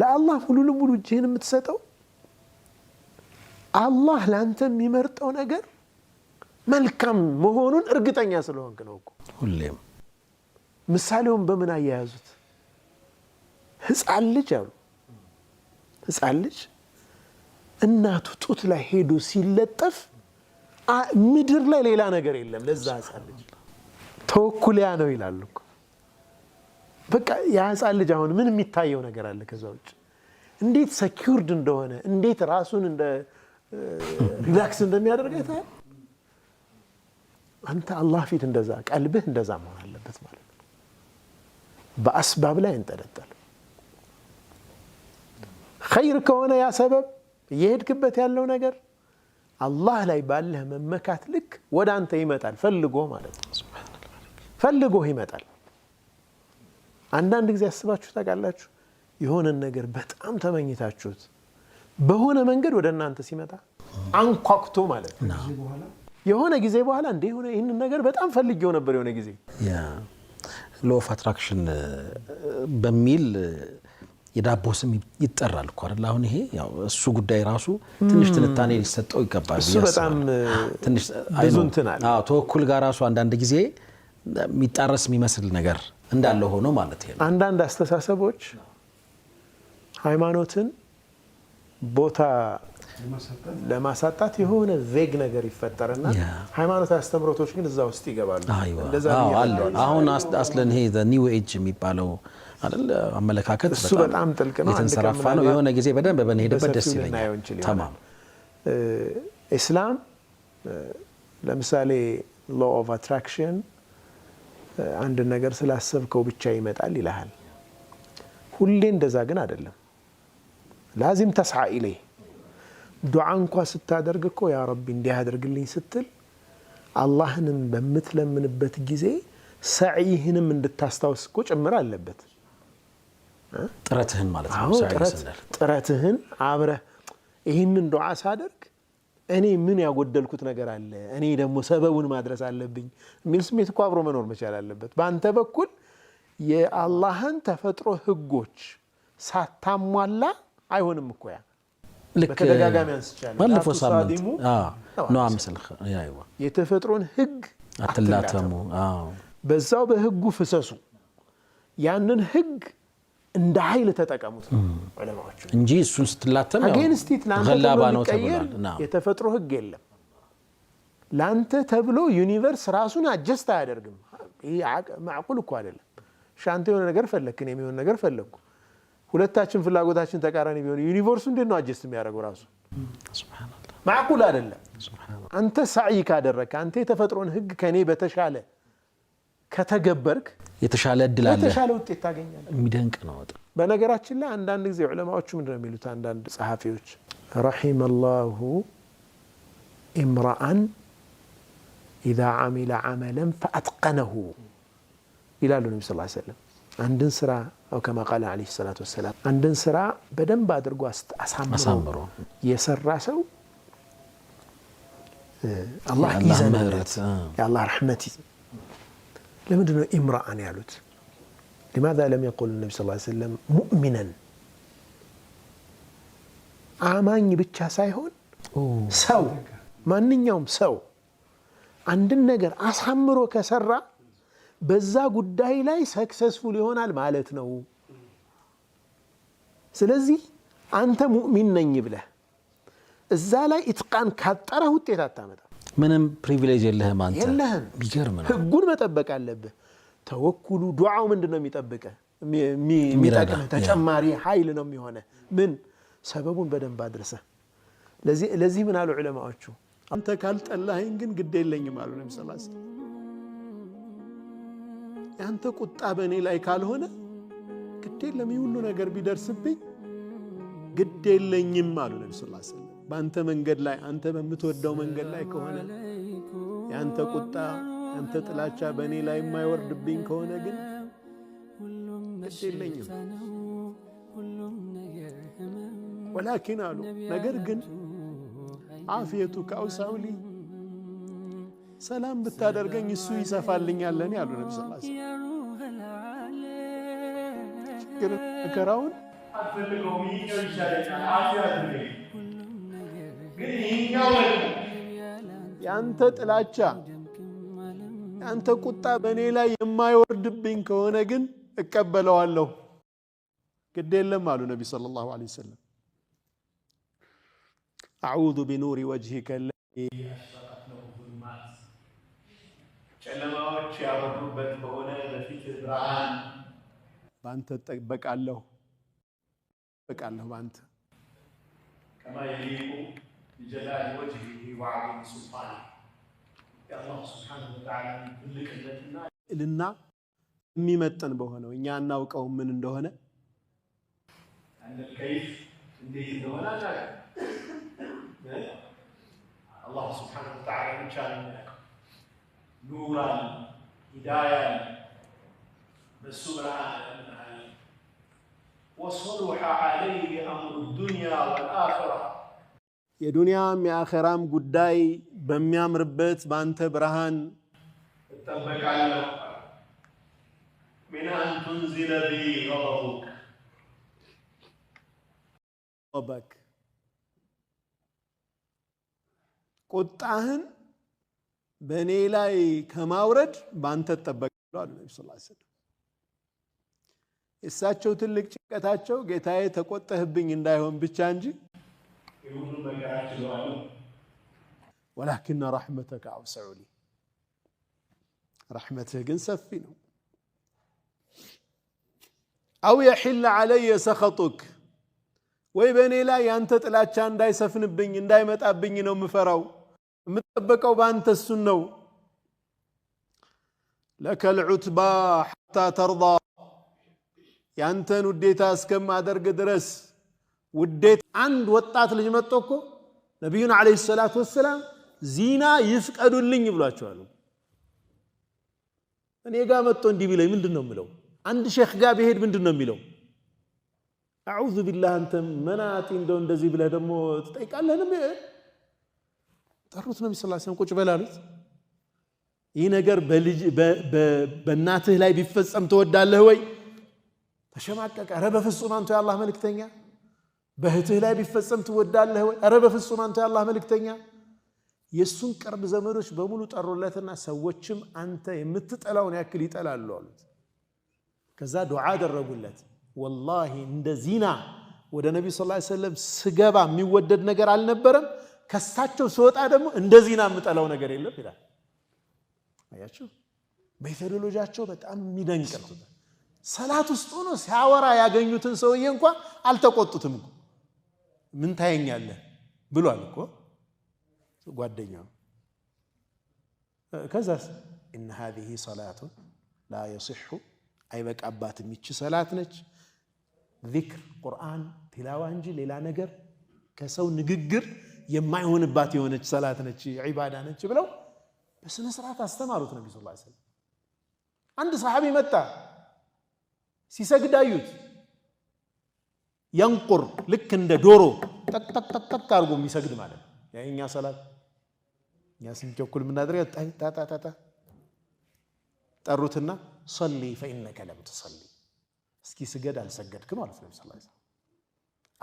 ለአላህ ሙሉ ለሙሉ እጅህን የምትሰጠው አላህ ለአንተ የሚመርጠው ነገር መልካም መሆኑን እርግጠኛ ስለሆንክ ነው እኮ። ሁሌም ምሳሌውን በምን አያያዙት? ህፃን ልጅ አሉ ህፃን ልጅ እናቱ ጡት ላይ ሄዶ ሲለጠፍ ምድር ላይ ሌላ ነገር የለም። ለዛ ህፃን ልጅ ተወኩሊያ ነው ይላሉ። በቃ የህፃን ልጅ አሁን ምን የሚታየው ነገር አለ? ከዛ ውጭ እንዴት ሰኪውርድ እንደሆነ እንዴት ራሱን እንደ ሪላክስ እንደሚያደርገ አንተ አላህ ፊት እንደዛ ቀልብህ እንደዛ መሆን አለበት ማለት ነው። በአስባብ ላይ እንጠለጠል። ኸይር ከሆነ ያ ሰበብ እየሄድክበት ያለው ነገር አላህ ላይ ባለህ መመካት ልክ ወደ አንተ ይመጣል። ፈልጎ ማለት ነው ፈልጎህ ይመጣል። አንዳንድ ጊዜ አስባችሁ ታውቃላችሁ? የሆነን ነገር በጣም ተመኝታችሁት በሆነ መንገድ ወደ እናንተ ሲመጣ አንኳኩቶ ማለት የሆነ ጊዜ በኋላ እንደ ሆነ ይህንን ነገር በጣም ፈልጌው ነበር። የሆነ ጊዜ ሎ ኦፍ አትራክሽን በሚል የዳቦ ስም ይጠራል እኮ አይደል? አሁን ይሄ እሱ ጉዳይ ራሱ ትንሽ ትንታኔ ሊሰጠው ይገባል። እሱ በጣም ብዙ እንትን አለ። ተወኩል ጋር ራሱ አንዳንድ ጊዜ የሚጣረስ የሚመስል ነገር እንዳለ ሆኖ ማለት ነው። አንዳንድ አስተሳሰቦች ሃይማኖትን ቦታ ለማሳጣት የሆነ ቬግ ነገር ይፈጠርና ሃይማኖት አስተምሮቶች ግን እዛ ውስጥ ይገባሉ። አሁን አስለን ይሄ ኒው ኤጅ የሚባለው አይደል አመለካከት እሱ በጣም ጥልቅ ነው፣ የተንሰራፋ ነው። የሆነ ጊዜ በደንብ በንሄደበት ደስ ይለኛል። ተማም ኢስላም ለምሳሌ ሎ ኦፍ አትራክሽን አንድ ነገር ስላሰብከው ብቻ ይመጣል ይልሃል። ሁሌ እንደዛ ግን አይደለም። ላዚም ተስዓ ኢለይ ዱዓ እንኳ ስታደርግ እኮ ያ ረቢ እንዲያደርግልኝ ስትል አላህንም በምትለምንበት ጊዜ ሰዕይህንም እንድታስታውስ እኮ ጭምር አለበት። ጥረትህን ማለት ነው። ጥረትህን አብረህ ይህንን ዱዓ ሳደርግ እኔ ምን ያጎደልኩት ነገር አለ፣ እኔ ደግሞ ሰበቡን ማድረስ አለብኝ የሚል ስሜት እኮ አብሮ መኖር መቻል አለበት። በአንተ በኩል የአላህን ተፈጥሮ ህጎች ሳታሟላ አይሆንም እኮ ያ በተደጋጋሚ አንስቻለሁ። የተፈጥሮን ህግ አትላተሙ፣ በዛው በህጉ ፍሰሱ ያንን ህግ እንደ ኃይል ተጠቀሙት ነው ዑለማዎቹ እንጂ እሱን ስትላተም አጌንስቲት ለአንተ ነው የሚቀየር የተፈጥሮ ህግ የለም። ለአንተ ተብሎ ዩኒቨርስ ራሱን አጀስት አያደርግም። ይህ ማዕቁል እኮ አይደለም። ሻንተ የሆነ ነገር ፈለግክ፣ የሚሆን ነገር ፈለግኩ። ሁለታችን ፍላጎታችን ተቃራኒ ቢሆን ዩኒቨርሱ እንዴት ነው አጀስት የሚያደርገው? ራሱ ማዕቁል አይደለም። አንተ ሳዕይ ካደረግ አንተ የተፈጥሮን ህግ ከእኔ በተሻለ ከተገበርክ የተሻለ እድል አለ፣ የተሻለ ውጤት ታገኛለህ። የሚደንቅ ነው በጣም። በነገራችን ላይ አንዳንድ ጊዜ ዑለማዎቹ ምንድን ነው የሚሉት? አንዳንድ ጸሐፊዎች ረሒመ ኢምራአን ኢዛ አሚለ አመለን ፈአትቀነሁ ይላሉ ነቢ ስ ሰለም አንድን ስራ አው ከማ ቃለ ዓለይሂ ሰላቱ ወሰላም አንድን ስራ በደንብ አድርጎ አሳምሮ የሰራ ሰው አላህ ይዘንለት የአላህ ረሕመት ለምንድን ነው ኢምራአን ያሉት? ሊማዛ ለም የቁል ነቢ ስ ሰለም ሙእሚነን አማኝ ብቻ ሳይሆን ሰው ማንኛውም ሰው አንድን ነገር አሳምሮ ከሰራ በዛ ጉዳይ ላይ ሰክሰስፉል ይሆናል ማለት ነው። ስለዚህ አንተ ሙእሚን ነኝ ብለህ እዛ ላይ ኢትቃን ካጠረህ ውጤት አታመጣ ምንም ፕሪቪሌጅ የለህም አንተ የለህም። ቢገርም ነው። ህጉን መጠበቅ አለብህ። ተወኩሉ ዱዓው ምንድን ነው የሚጠብቀ የሚጠቅምህ ተጨማሪ ሀይል ነው የሚሆነ ምን ሰበቡን በደንብ አድርሰህ። ለዚህ ምን አሉ ዑለማዎቹ፣ አንተ ካልጠላኸኝ ግን ግድ የለኝም አሉ ነቢ ስላ የአንተ ቁጣ በእኔ ላይ ካልሆነ ግድ የለም፣ ይህ ሁሉ ነገር ቢደርስብኝ ግድ የለኝም አሉ ነቢ ስላ በአንተ መንገድ ላይ አንተ በምትወደው መንገድ ላይ ከሆነ የአንተ ቁጣ አንተ ጥላቻ በእኔ ላይ የማይወርድብኝ ከሆነ ግን ግድ የለኝም። ወላኪን አሉ ነገር ግን አፍየቱ ከአውሳውሊ ሰላም ብታደርገኝ እሱ ይሰፋልኛል እኔ ነቢ ችግር መከራውን ያንተ ጥላቻ ያንተ ቁጣ በእኔ ላይ የማይወርድብኝ ከሆነ ግን እቀበለዋለሁ፣ ግድ የለም አሉ ነቢ ሰለላሁ ዐለይሂ ወሰለም። አዑዙ ቢኑሪ ወጅሂከ ጨለማዎች ያበሩበት በሆነ በፊት ብርሃን በአንተ እጠበቃለሁ እጠበቃለሁ በአንተ ከማ لجلال وجهه وعظيم سلطانه يا الله سبحانه وتعالى من كل قلتنا لنا ميمتن بهنا ويا ناوك او من اندهنا ان الكيف اللي اندهنا لا لا. الله سبحانه وتعالى من شان نورا هدايا بالسورة وصلح عليه امر الدنيا والاخره የዱንያም የአኸራም ጉዳይ በሚያምርበት በአንተ ብርሃን እጠበቃለሁ። ሚን ቱንዚለ ቢ ገበቡክ ቁጣህን በእኔ ላይ ከማውረድ በአንተ እጠበቃለሁ አሉ ነቢ ስላ ስለም። የእሳቸው ትልቅ ጭንቀታቸው ጌታዬ ተቆጠህብኝ እንዳይሆን ብቻ እንጂ ولكن رحمتك أوسع لي رحمتك سفين أو يحل علي سخطك ويبني لا أنت تلاتشان داي سفن بنين دايما متأبني نوم فراو متبك أو بانت السنو لك العتبى حتى ترضى يانتن وديتاس كم ادرك درس ውዴት አንድ ወጣት ልጅ መጥቶ እኮ ነቢዩን ዓለይሂ ሰላቱ ወሰላም ዚና ይፍቀዱልኝ ብሏቸዋል። እኔ ጋ መጥቶ እንዲህ ቢለኝ ምንድን ነው የሚለው? አንድ ሼክ ጋ ብሄድ ምንድን ነው የሚለው? አዑዙ ቢላህ አንተም መናጢ እንደው እንደዚህ ብለህ ደግሞ ትጠይቃለህንም። ጠሩት ነቢ ስ ስለም ቁጭ በላሉት። ይህ ነገር በእናትህ ላይ ቢፈጸም ትወዳለህ ወይ? ተሸማቀቀ። ኧረ በፍጹም አንተ የአላህ መልእክተኛ በእህትህ ላይ ቢፈጸም ትወዳለህ ወይ? ኧረ በፍጹም አንተ የአላህ መልእክተኛ። የእሱን ቅርብ ዘመዶች በሙሉ ጠሩለትና ሰዎችም አንተ የምትጠላውን ያክል ይጠላሉ አሉት። ከዛ ዱዓ አደረጉለት። ወላሂ እንደ ዚና ወደ ነቢዩ ስ ሰለም ስገባ የሚወደድ ነገር አልነበረም። ከሳቸው ስወጣ ደግሞ እንደ ዚና የምጠላው ነገር የለም ይላል። አያችሁ፣ ሜቶዶሎጂያቸው በጣም የሚደንቅ ነው። ሰላት ውስጥ ሆኖ ሲያወራ ያገኙትን ሰውዬ እንኳን አልተቆጡትም። ምን ታየኛለህ ብሏል እኮ ጓደኛው። ከዛስ እነ ሀዚህ ሰላቱን ላ የስሑ አይበቃባትም፣ ይቺ ሰላት ነች። ዚክር ቁርአን ቲላዋ እንጂ ሌላ ነገር ከሰው ንግግር የማይሆንባት የሆነች ሰላት ነች፣ ዒባዳ ነች ብለው በስነ ስርዓት አስተማሩት ነቢ ስ ሰለም። አንድ ሰሓቢ መጣ ሲሰግድ አዩት። የንቁር ልክ እንደ ዶሮ ጠጠጠጠጥ አድርጎ የሚሰግድ ማለት ነው። ያ እኛ ሰላት እኛ ስንቸኩል የምናደርገው ጣጣጣጣ ጠሩትና ሰሊ ፈኢነከ ለም ትሰሊ እስኪ ስገድ አልሰገድክም አሉት ነቢ ስላ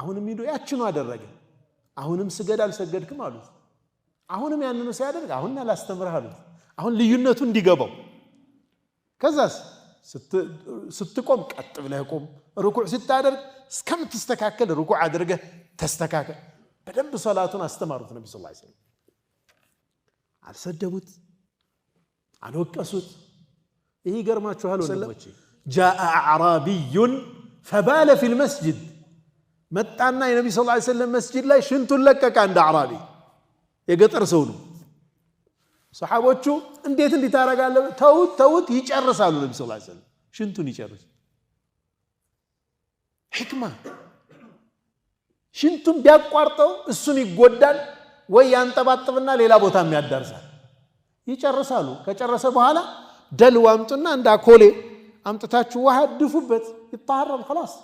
አሁንም ሂዶ ያችኑ አደረገ። አሁንም ስገድ አልሰገድክም አሉት። አሁንም ያንኑ ሲያደርግ አሁን አላስተምርህ አሉት። አሁን ልዩነቱ እንዲገባው ከዛስ ስትቆም ቀጥ ብለህ ቁም። ርኩዕ ስታደርግ እስከምትስተካከል ርኩዕ አድርገህ ተስተካከል። በደንብ ሰላቱን አስተማሩት ነቢ ስላ ስለም። አልሰደቡት፣ አልወቀሱት። ይህ ይገርማችኋል ወንድሞቼ። ጃአ አዕራቢዩን ፈባለ ፊል መስጅድ መጣና የነቢ ስ ሰለም መስጅድ ላይ ሽንቱን ለቀቀ። እንደ አዕራቢ የገጠር ሰው ነው። ሰሓቦቹ እንዴት እንዲታረጋለ ተውት ተውት ይጨርሳሉ። ነቢ ስ ሰለም ሽንቱን ይጨርስ ሕክማ ሽንቱን ቢያቋርጠው እሱን ይጎዳል ወይ ያንጠባጥብና ሌላ ቦታ ያዳርሳል። ይጨርሳሉ። ከጨረሰ በኋላ ደልዋ አምጡና እንደ አኮሌ አምጥታችሁ ውሃ ድፉበት፣ ይጣሃረል ኸላስ።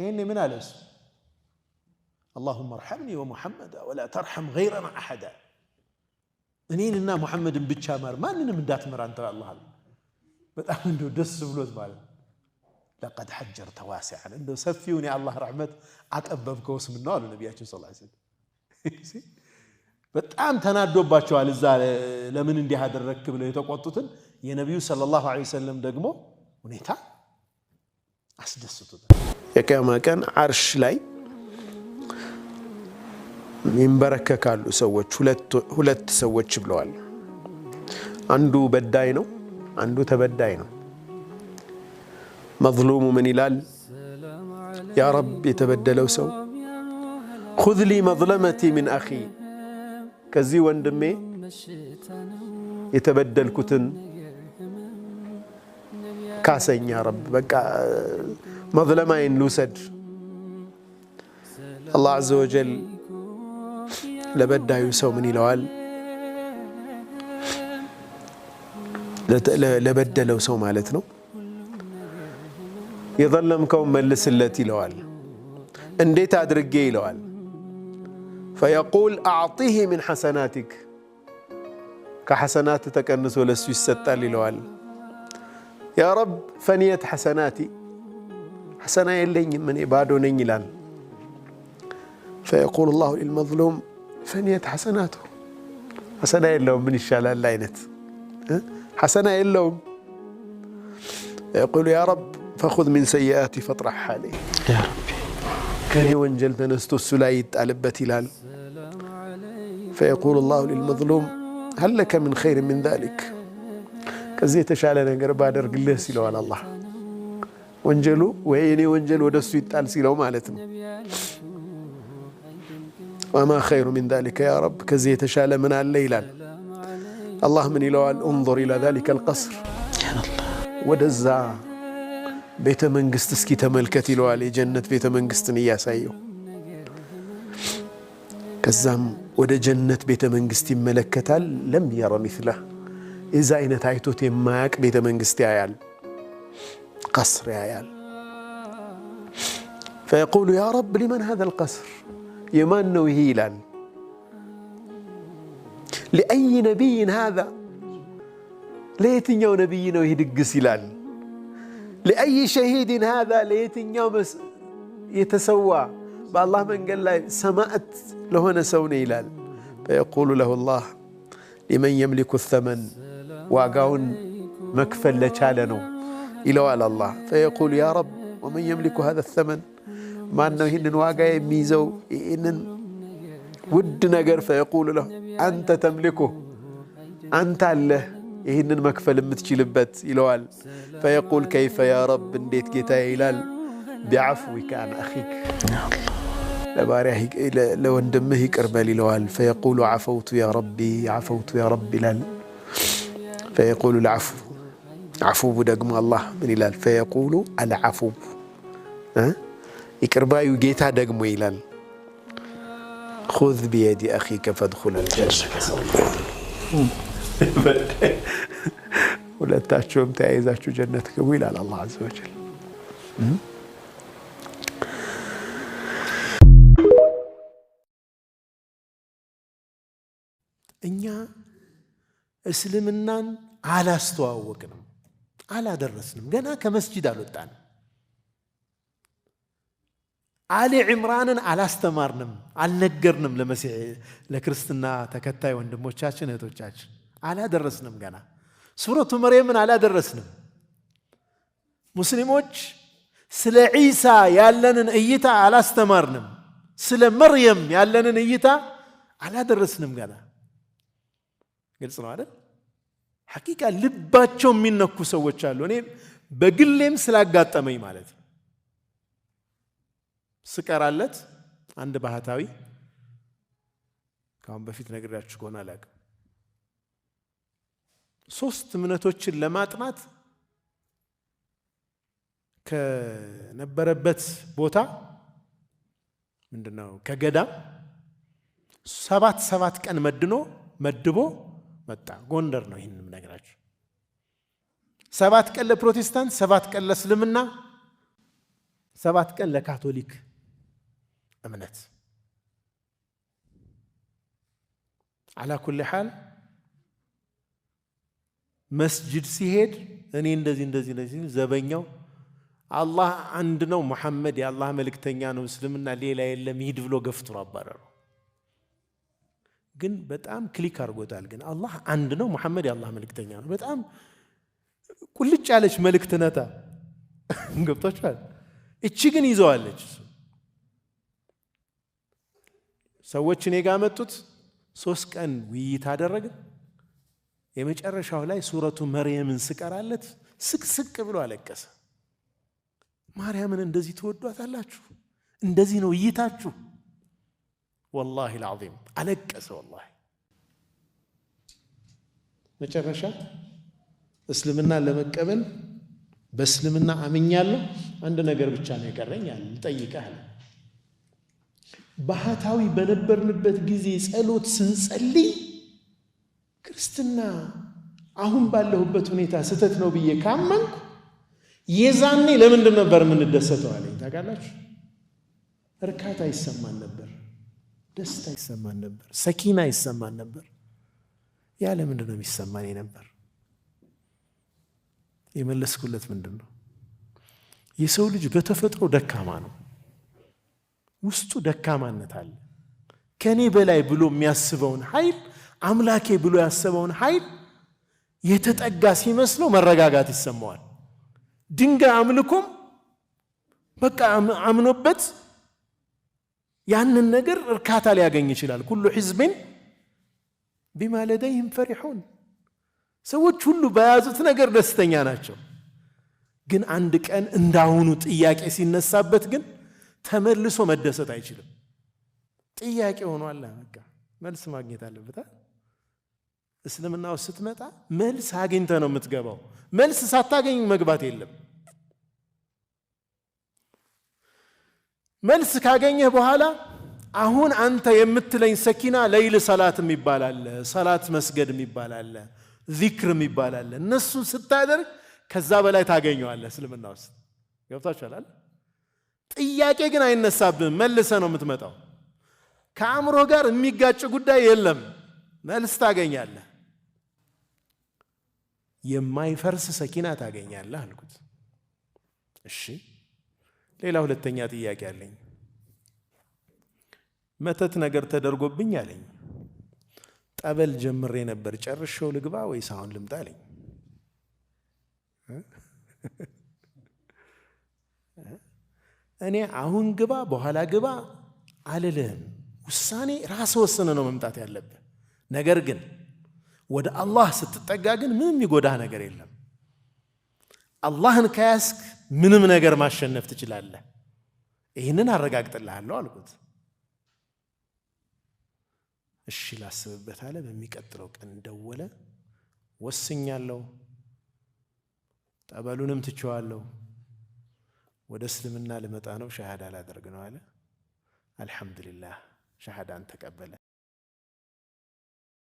ይህኔ ምን አለ እሱ አላሁመ ርሐምኒ ወሙሐመዳ ወላ ተርሐም ገይረና አሐዳ እኔንና ሙሐመድን ብቻ ማር ማንንም እንዳትምር አንተ አላህ በጣም እንደው ደስ ብሎት ማለት ለቀድ ሐጀርተ ዋሲዐን እንደው ሰፊውን የአላህ ረሕመት አጠበብከው ስም አሉ ነቢያችን ስ በጣም ተናዶባቸዋል። እዛ ለምን እንዲህ አደረግክ ብለው የተቆጡትን የነቢዩ ሰለላሁ ዐለይሂ ወሰለም ደግሞ ሁኔታ አስደስቶታል። የቅያማ ቀን ዓርሽ ላይ ይንበረከካሉ ሰዎች። ሁለት ሰዎች ብለዋል። አንዱ በዳይ ነው፣ አንዱ ተበዳይ ነው። መዝሉሙ ምን ይላል? ያ ረብ የተበደለው ሰው ኹዝ ሊ መዝለመቲ ሚን አኺ ከዚህ ወንድሜ የተበደልኩትን ካሰኝ ያ ረብ፣ በቃ መዝለማይን ልውሰድ። አላህ ዐዘ ወጀል ለበዳዩ ሰው ምን ይለዋል? ለበደለው ሰው ማለት ነው። የዘለምከውን መልስለት ይለዋል። እንዴት አድርጌ ይለዋል። ፈየቁል አዕጢህ ምን ሐሰናቲክ ከሐሰናት ተቀንሶ ለሱ ይሰጣል ይለዋል። ያ ረብ ፈንየት ሐሰናቲ ሐሰና የለኝም እኔ ባዶ ነኝ ይላል። ፈየቁል ላሁ ልልመዝሉም فنيت حسناته حسنا يلوم من الشال اللينت حسنا يلوم يقول يا رب فخذ من سيئاتي فاطرح حالي يا ربي كني وانجل تنستو السلايد على لال فيقول الله للمظلوم هل لك من خير من ذلك كزيت شالنا قرب بادر قلله سيلو على الله وانجلو ويني وانجل ودستو يتال سيلو مالتنا وما خير من ذلك يا رب كزي تشال من الليل الله من إلى انظر إلى ذلك القصر ودزا بيت من قستسكي تملكت إلى جنة بيت من قستني يا سيو كزام ወደ ጀነት ቤተ መንግስት ይመለከታል ለም የረ ምስለ የዛ አይነት አይቶት የማያቅ ቤተ عيال قصر ቀስር ያያል فيقول يا رب لمن هذا القصر يمان نو لأي نبي هذا ليتن يو نبي نو هيدقسيلان لأي شهيد هذا ليتن يوم يتسوى بالله من قال له سمعت له نسوني إلال فيقول له الله لمن يملك الثمن واقعون مكفل لشالنو إلى على الله فيقول يا رب ومن يملك هذا الثمن ማን ነው ይህንን ዋጋ የሚይዘው? ይህንን ውድ ነገር ፈየቁሉ ለሁ አንተ ተምልኩ አንተ አለህ ይህንን መክፈል የምትችልበት ይለዋል። ፈየቁል ከይፈ ያ ረብ እንዴት ጌታዬ ይላል። ቢዐፍዊከ አን አኺክ ለወንድምህ ይቅር በል ይለዋል። ፈየቁሉ ዐፈውቱ ያ ረቢ ዐፈውቱ ያ ረቢ ይላል። ፈየቁሉ ልዐፍው ዐፉቡ ደግሞ አላህ ምን ይላል? ፈየቁሉ አልዐፉቡ ይቅርባዩ ጌታ ደግሞ ይላል ሁዝ ብየዲ አኺከ ፈድኹል ሁለታቸውም ተያይዛችሁ ጀነት ግቡ ይላል አላህ ዐዘ ወጀል። እኛ እስልምናን አላስተዋወቅንም፣ አላደረስንም፣ ገና ከመስጂድ አልወጣንም። አሊ ዕምራንን አላስተማርንም፣ አልነገርንም። ለክርስትና ተከታይ ወንድሞቻችን እህቶቻችን አላደረስንም። ገና ሱረቱ መርየምን አላደረስንም። ሙስሊሞች ስለ ዒሳ ያለንን እይታ አላስተማርንም። ስለ መርየም ያለንን እይታ አላደረስንም። ገና ግልጽ ነው አይደል? ሐቂቃ ልባቸው የሚነኩ ሰዎች አሉ። እኔ በግሌም ስላጋጠመኝ ማለት ነው ስቀራለት አንድ ባህታዊ ከአሁን በፊት ነግሬያችሁ ከሆነ አላውቅም፣ ሶስት እምነቶችን ለማጥናት ከነበረበት ቦታ ምንድነው ከገዳም ሰባት ሰባት ቀን መድኖ መድቦ መጣ። ጎንደር ነው ይህንም ነግራችሁ። ሰባት ቀን ለፕሮቴስታንት፣ ሰባት ቀን ለእስልምና፣ ሰባት ቀን ለካቶሊክ እምነት አላ ኩል ሓል መስጅድ ሲሄድ እኔ እንደዚህ እንደዚህ እንደዚህ ዘበኛው አላህ አንድ ነው፣ ሙሐመድ የአላህ መልእክተኛ ነው፣ እስልምና ሌላ የለም ሂድ ብሎ ገፍትሮ አባረሩ። ግን በጣም ክሊክ አድርጎታል። ግን አላህ አንድ ነው፣ ሙሐመድ የአላህ መልእክተኛ ነው። በጣም ቁልጭ ያለች መልእክት ነታ ገብቷችኋል። እቺ ግን ይዘዋለች ሰዎች እኔ ጋር መጡት። ሶስት ቀን ውይይት አደረገ። የመጨረሻው ላይ ሱረቱ መርየምን ስቀራለት ስቅስቅ ብሎ አለቀሰ። ማርያምን እንደዚህ ትወዷታላችሁ? እንደዚህ ነው እይታችሁ? ወላሂ ልዓዚም አለቀሰ። ወላሂ መጨረሻ እስልምና ለመቀበል በእስልምና አምኛለሁ፣ አንድ ነገር ብቻ ነው የቀረኝ አለ። አለ ባህታዊ በነበርንበት ጊዜ ጸሎት ስንጸልይ ክርስትና አሁን ባለሁበት ሁኔታ ስህተት ነው ብዬ ካመንኩ የዛኔ ለምንድን ነበር የምንደሰተው? አለኝ ታውቃላችሁ። እርካታ ይሰማን ነበር፣ ደስታ ይሰማን ነበር፣ ሰኪና ይሰማን ነበር። ያ ለምንድን ነው የሚሰማን ነበር? የመለስኩለት ምንድን ነው? የሰው ልጅ በተፈጥሮ ደካማ ነው። ውስጡ ደካማነት አለ። ከኔ በላይ ብሎ የሚያስበውን ኃይል አምላኬ ብሎ ያሰበውን ኃይል የተጠጋ ሲመስለው መረጋጋት ይሰማዋል። ድንጋይ አምልኮም በቃ አምኖበት ያንን ነገር እርካታ ሊያገኝ ይችላል። ኩሉ ሕዝብን ቢማ ለደይህም ፈሪሑን ሰዎች ሁሉ በያዙት ነገር ደስተኛ ናቸው። ግን አንድ ቀን እንዳሁኑ ጥያቄ ሲነሳበት ግን ተመልሶ መደሰት አይችልም። ጥያቄ ሆኗል። በቃ መልስ ማግኘት አለበት። እስልምና ውስጥ ስትመጣ መልስ አግኝተ ነው የምትገባው። መልስ ሳታገኝ መግባት የለም። መልስ ካገኘህ በኋላ አሁን አንተ የምትለኝ ሰኪና ለይል ሰላት ይባላል፣ ሰላት መስገድ ይባላል፣ ዚክር ይባላል። እነሱን ስታደርግ ከዛ በላይ ታገኘዋለህ። እስልምና ውስጥ ገብታችኋል። ጥያቄ ግን አይነሳብህም። መልሰ ነው የምትመጣው። ከአእምሮ ጋር የሚጋጭ ጉዳይ የለም። መልስ ታገኛለህ። የማይፈርስ ሰኪና ታገኛለህ አልኩት። እሺ፣ ሌላ ሁለተኛ ጥያቄ አለኝ። መተት ነገር ተደርጎብኝ አለኝ። ጠበል ጀምሬ ነበር። ጨርሼው ልግባ ወይስ አሁን ልምጣ አለኝ። እኔ አሁን ግባ በኋላ ግባ አልልህም። ውሳኔ ራስ ወስነ ነው መምጣት ያለብህ። ነገር ግን ወደ አላህ ስትጠጋ ግን ምንም ይጎዳህ ነገር የለም። አላህን ከያዝክ ምንም ነገር ማሸነፍ ትችላለህ። ይህንን አረጋግጥልሃለሁ አልኩት። እሺ ላስብበት አለ። በሚቀጥለው ቀን ደወለ። ወስኛለሁ፣ ጠበሉንም ትችዋለሁ። ወደ እስልምና ልመጣ ነው ሸሃዳ ላደርግ ነው አለ። አልሐምዱሊላህ ሸሃዳን ተቀበለ።